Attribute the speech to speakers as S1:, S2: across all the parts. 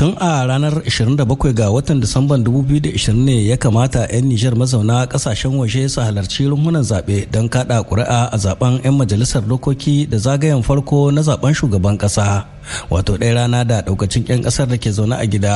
S1: tun a ranar 27 ga watan disamban 2020 ne ya kamata 'yan nijar mazauna kasashen waje su halarci rumunan zaɓe don kaɗa ƙuri'a a zaben 'yan majalisar dokoki da zagayen farko na zaben shugaban ƙasa wato ɗaya rana da ɗaukacin 'yan ƙasar da ke zaune a gida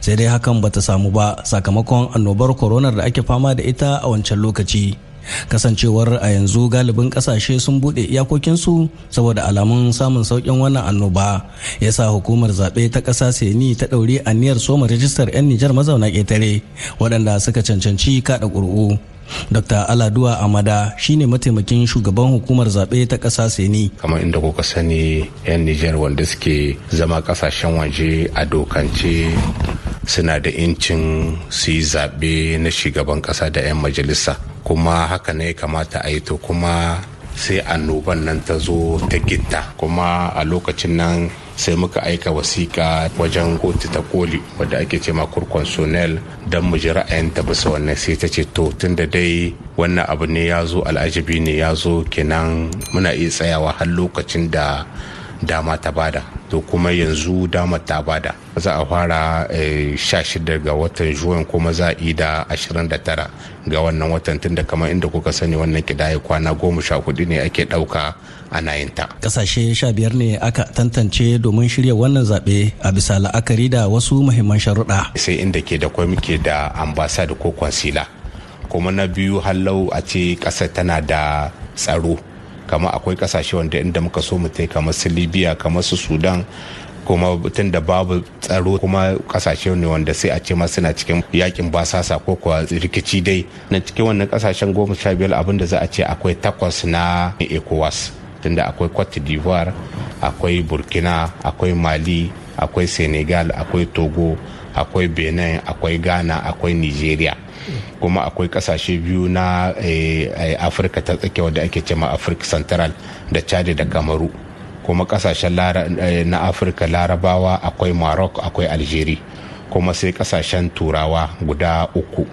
S1: sai dai hakan bata samu ba sakamakon annobar koronar da ake fama da ita a wancan lokaci kasancewar a yanzu galibin kasashe sun bude iyakokinsu saboda alamun samun saukin wannan annoba ya sa hukumar zaɓe ta ƙasa seni ta ɗauri aniyar soma rijistar 'yan nijar mazauna ƙetare waɗanda suka cancanci kaɗa ƙuri'u dr aladuwa amada shine mataimakin shugaban hukumar zaɓe ta ƙasa seni
S2: kamar inda kuka sani 'yan nijar wanda suke zama ƙasashen waje a dokance suna da incin su yi zaɓe na shugaban ƙasa da 'yan majalisa kuma haka ne kamata a yi to kuma sai annoban nan ta zo ta gitta kuma a lokacin nan sai muka aika wasiƙa wajen kotu ta koli wadda ake ce ma kurkonsonel don mu ji ra'ayinta bisa wannan sai ta ce to tun da dai wannan abu ne ya zo al'ajibi ne ya zo kenan muna iya tsayawa har lokacin da dama ta bada to kuma yanzu dama ta bada za a fara 16 eh, ga watan juwan kuma za a yi da 29 ga wannan watan tunda kamar inda kuka sani wannan kidaya kwana goma sha hudu ne ake dauka a nayinta ta
S1: kasashe 15 ne aka tantance domin shirya wannan zaɓe a bisa la'akari da wasu muhimman sharuɗa
S2: sai inda ke da kwai muke da ambasad ko kwansila kuma na biyu hallau a ce ƙasa tana da tsaro kama akwai kasashe wanda inda muka so mu tai kamar su libya kamar su sudan kuma tun da babu tsaro kuma kasashe ne wanda sai a ce ma suna cikin yakin basasa ko kuwa rikici dai na cikin wannan kasashen goma sha biyar abin da za a ce akwai takwas na ecowas tunda akwai cote d'ivoire akwai burkina akwai mali akwai senegal akwai togo akwai benin akwai ghana akwai nigeria kuma akwai kasashe biyu na eh, eh, afirka ta tsakiya wadda ake cema afirka central da chad da kamaru kuma kasashen eh, na afirka larabawa akwai maroc akwai algeria kuma sai kasashen turawa guda uku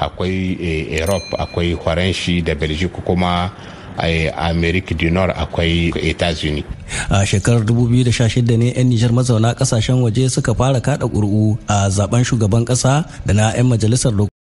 S2: akwai europe akwai faranshi da belgium kuma a america du nord akwai etats-unis
S1: a shekarar 2016 ne 'yan nijar mazauna kasashen waje suka fara kada ƙuri'u a zaben shugaban ƙasa da na 'yan majalisar